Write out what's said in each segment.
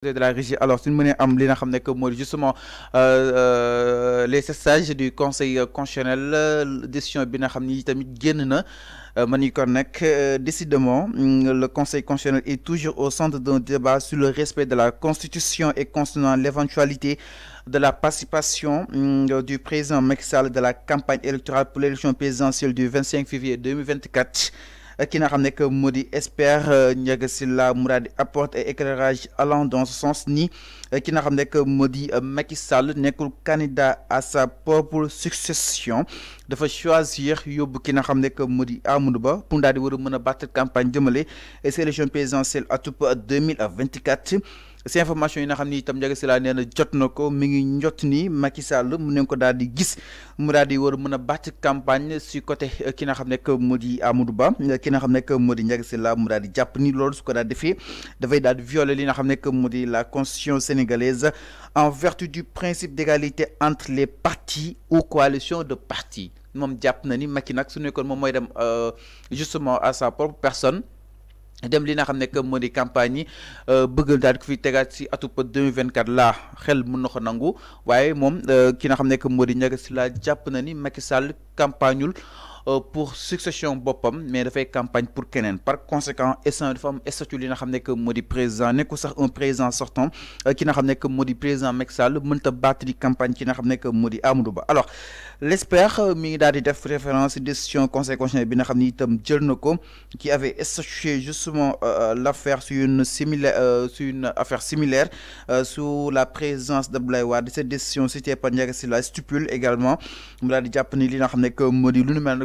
la régie alors c'est une am li que justement euh, euh, les sages du conseil constitutionnel décision est nga euh, décidément mm, le conseil constitutionnel est toujours au centre d'un débat sur le respect de la constitution et concernant l'éventualité de la participation mm, du président Macky Sall de la campagne électorale pour l'élection présidentielle du 25 février 2024 qui n'a ramené que Modi espère expert euh, Ndiaga apporte et éclairage allant dans ce sens ni euh, ki n'a ramené que Modi euh, Macky Sall le candidat à sa propre succession de choisir Yob ki n'a ramené que Modi di Amadou Ba pour daal di war de mën et battre campagne jëmale à élection présidentielle atoup 2024 ces informations yi nga xamni tam itam Ndiaga Sylla jot na mi ngi njot ni Macky Sall mu ne ko daal di gis mu daal di war a mën campagne ci côté eh, ki nga xamne ne que moo Amadou Ba ki nga xamne ne que moo di eh, mu daal di jàpp ni loolu su ko daal defee dafay daal di violer li nga xamne ne que moo la constitution sénégalaise en vertu du principe d'égalité entre les partis ou coalitions de partis mom japp na ni Macky nak su nekkoon mom moy dem euh, justement à sa propre personne dem li nga xam ne que moo di campagne yi euh, bëgg daal ko fi tegaat si atub 2024 la xel mën na ko nangu waaye moom euh, ki na xam ne que moo di ñaga si laa jàpp na ni Macky Sall campagneul Euh, pour succession bopam mais dafay campagne pour Kenen. par conséquent instant dafa am statut li nga xam que modi di président nekku sax un président sortant euh, ki nga xam ne que modi président Macky Sall battre battali campagne qui nga xam ne que modi Amadou Ba alors l'espère euh, mi ngi di def référence décision conseil constitutionnel bi nga xam ne itam jël qui avait statué justement l'affaire sur une similaire sur une affaire similaire sous la présidence d'Abdoulaye Ward. cette décision pas par Ndiaga la stipule également mu dal di japp ni li nga xam ne que modi di lu mel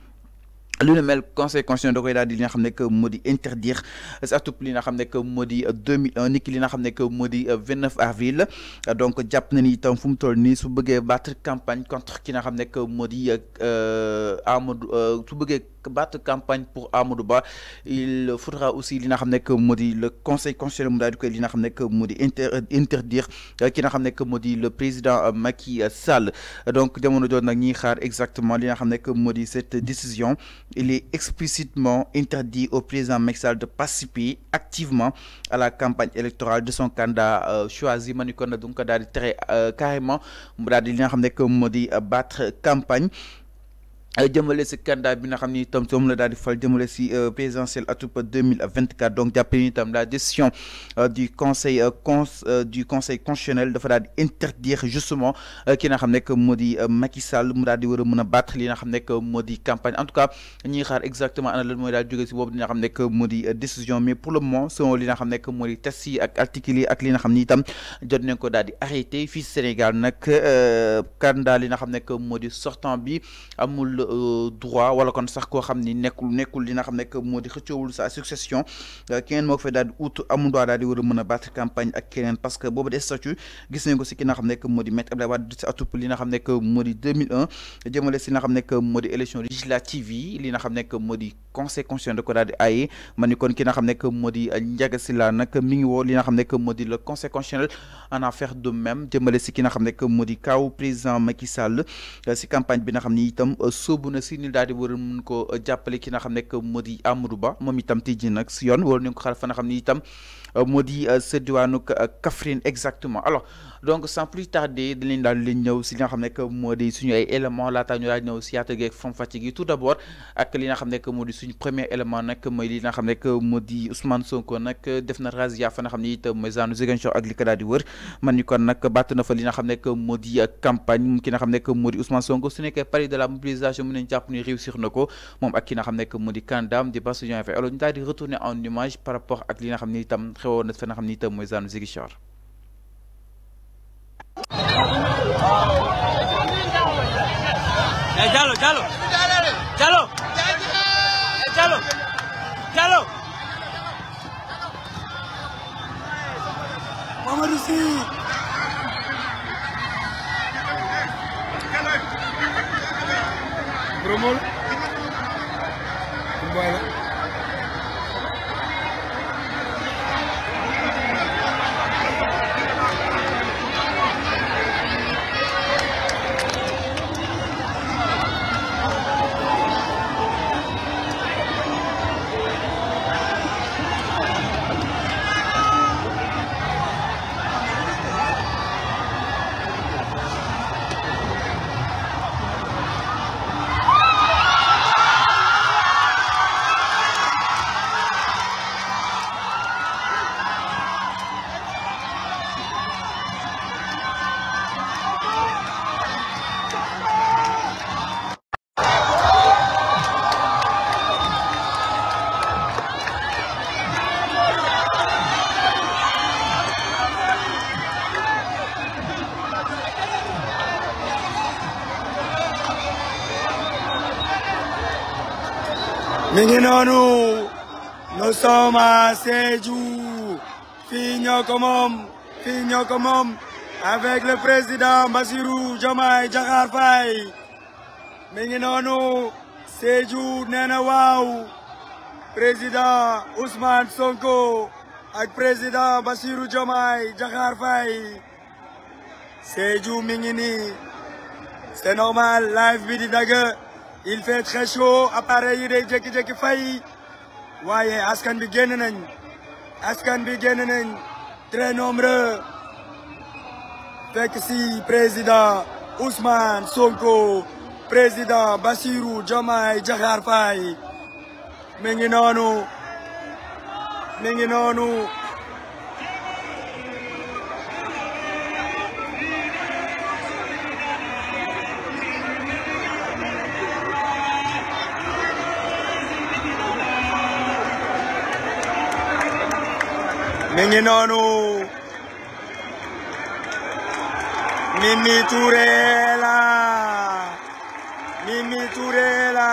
lu ne mel conseil constitutionnel da koy daal di li nga xam que moo di interdire surtout li nga xam ne que modi 2001 deux mille un li nga xam que modi 29 avril donc jàpp na ni tam fu mu toll su beugé battre campagne contre ki nga xam que modi euh Amadou euh, su beugé battre campagne pour Amadou Ba il faudra aussi li nga xam que modi le conseil constitutionnel mu daal li nga xam que modi interdire euh, ki nga xam que modi le président euh, Macky Sall donc jamono jooju nak ñi xaar exactement li nga xam que modi cette décision il est explicitement interdit au président Mexal de participer activement à la campagne électorale de son candidat choisi Manu Donc, très carrément battre campagne euh, jëmale ci candidat bi nga xam ni itam moom la daal di fal jëmale si euh, présidentielle atub 2024 donc jàpp ni itam la décision euh, du conseil con du conseil constitutionnel dafa daal di interdire justement ki n'a xam nekk moo di Macky Sall mu daal di war a mën a battre li nga xam nekk moo di campagne en tout cas ñuy xaar exactement ana lan mooy daal jóge si boobu li nga xam nekk décision mais pour le moment selon li nga xam nekk moo di test yi ak article yi ak li nga xam ni itam jot nañ ko daal di arrêté fii Sénégal nag que li nga xam nekk moo di sortant bi amul. Euh, droit wala kon sax ko xam nekul nekul nekkul li nga xam ne moo di sa succession euh, keneen moo fa fay daal di ut amul droit daal di war mëna mën battre campagne ak keneen parce que bobu des statut gis nañ ko si ki nga xam ne modi di Maître Abdoulaye Wade si atub li nga xam ne modi 2001 jëmale ci li nga xam ne moo élection législative li nga xam ne modi conseil constitutionnel ko daal di aaye ma kon ki nga xam ne modi di Ndiaga Sylla nag mi ngi wo li nga xam ne modi le conseil constitutionnel en affaire de même jëmale ci ki nga xam ne modi di kaw président Macky Sall ci euh, campagne bi nga xamni itam sóobu na si ni daal di war mun koo jàppale ki nga xam nekk moo di Amadou Ba moom itam tey jii nag si yoon war nañ ko xaar fa a xam ni itam moo di sa diwaanu Kaffrine exactement alors. donc sans plus tarder dinañ daal leen ñëw si li nga xam nekk moo di suñu ay élément ta ñu daal ñëw si yaatageeg fam fatigue tout d'abord ak li nga xam nekk moo suñu premier élément nak moy li nga xam nekk moo Ousmane Sonko nak def na razia fa nga xam ne it mooy zaanu Ziguinchor ak li ka daal di wër man ñu kon nak bàtt na fa li nga xam nekk moo di campagne moom ki nga xam nekk moo Ousmane Sonko su nekkee pari de la mobilisation mu nañ japp ni réussir na mom ak ki nga xam nekk moo di kandaam di Bassirou Diomaye alors ñu daal di retourner en image par rapport ak li nga xam ne itam xewoon na fa nga xam ne itam mooy zaanu Ziguinchor Échalo, échalo. Échalo. Échalo. Échalo. Vamos, Rusi. Bromol. Bueno. mi ngi noonu nous sommes à Sédhiou le président Bassirou Diomaye Diakhar Faye mi ngi noonu Sédhiou waaw président Ousmane Sonko ak président Bassirou Diomaye Diakhar Faye Sédhiou mi ngi nii c'est normal live bi di il fait très chaud appareil yi day jékki-jékki fay waaye askan bi génn nañ askan bi génn nañ très nombreux fekk si président Ousmane Sonko président Bassirou Diomaye Diakhar Faye mi ngi noonu mi ngi noonu Mimi Touré la Mimi Touré la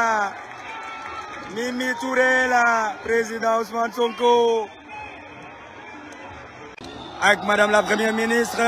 Mimi Touré la président Ousmane Sonko ak madame la première ministre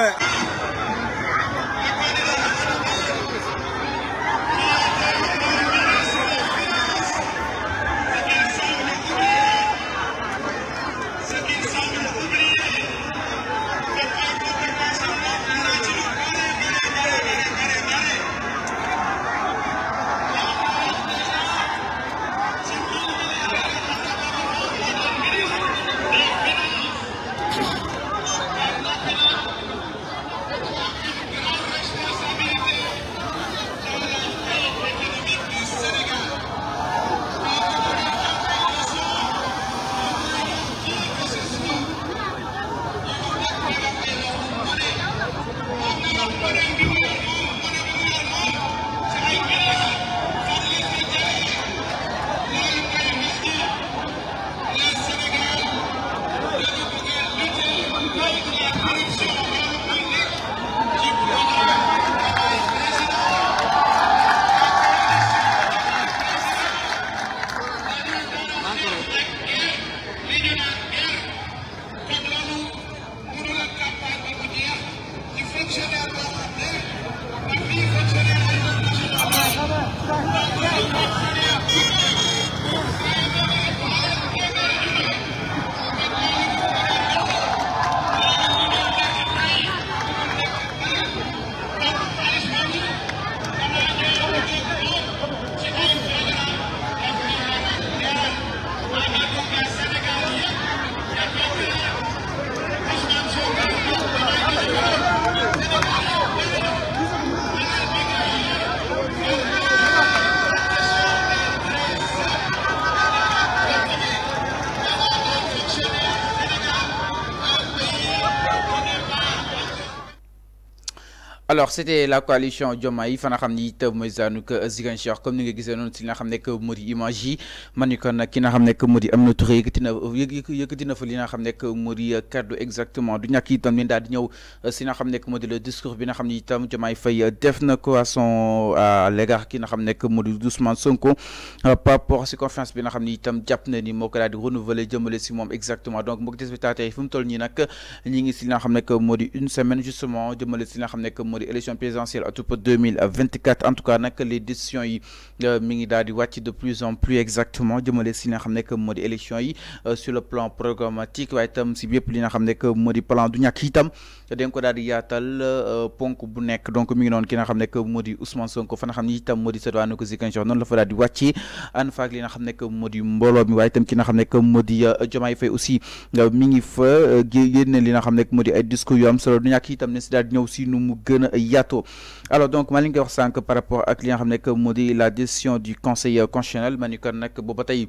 alors c'était la coalition Diomaye fa na xam ni it mooy zaanuk Ziguinchor comme ni nga gisee non si li nga xam nekk moo image yi man ni kon ki nga xam nekk moo di Aminata Touré yëkkati na yëkkati na fa li nga xam nekk moo di exactement du ñàkk itam ni daal di ñew euh, si nga xam nekk moo le discours bi nga xam ni itam Diomaye fay euh, def na ko à son à l'égard ki nga xam nekk moo di Ousmane Sonko euh, par rapport si confiance bi nga xam ni itam japp na ni moo ko daal di renouveler jëmale si mom exactement donc mbokk téléspectateurs yi fi mu toll nii nag ñi ngi si li nga xam nekk moo une semaine justement jëmale si li nga xam nekk moo élection présidentielle atoupa 2024 en tout cas nak les décisions yi euh, mingi ngi daal di de plus en plus exactement jëmale si li nga que di élection yi euh, sur le plan programmatique way tam ci bépp li nga xam ne que di plan du ñak itam dañ ko daal di yaatal euh, bu nek donc mingi non ki nga xam que moo di Ousmane Sonko fa nga xamni itam moo di sëtwaanu ko Ziguinchor la fa daal di an ànd faak li nga xam que moo di mbooloo mi waaye itam ki nga que moo di Fay aussi mingi fe fa génne li nga xam que di ay discours yu am solo du ñak itam ne ci daal di si nu mu gën alors donc Malinger 5 par rapport à Clien Ramneke la décision du conseiller constitutionnel Manu ni Bobatay.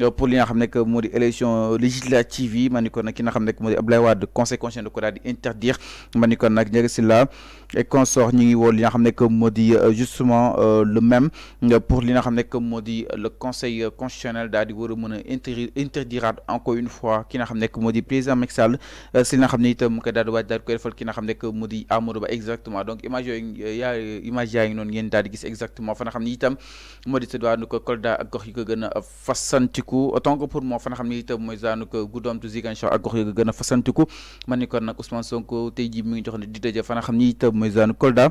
Euh, pour li nga xam ne que moo élection législative yi man ni ko nag ki nga xam que moo Abdoulaye Wade conseil constitutionnel da interdire man ni ko et consort ñi ngi woon li nga xam que moo euh, justement euh, le même pour li nga xam que moo le conseil constitutionnel daal di war a interdire encore une fois ki nga xamné que modi président Macky Sall si nga xamné itam mu ko daal di waaj daal defal ki nga xamné que modi di Amadou Ba exactement donc image ya image yaa ngi noonu ngeen daal di gis exactement fa nga xamné itam modi di sa dowaanu ko Kolda ak gox yi ko gën a fasantiku tonk pour moo fana xam ne itam mooy zaanuk guddoomtu Ziguinchor ak gox yi gën a fasantiku man ni kon nag Ousmane Sonko tey jii mu ngi jox ne di daje fana xam ne itam mooy zaanu Kolda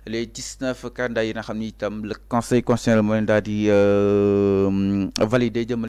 les dix neuf candidats yi nga xam ni itam le conseil constitutionnel mooy daal di euh, valider jëm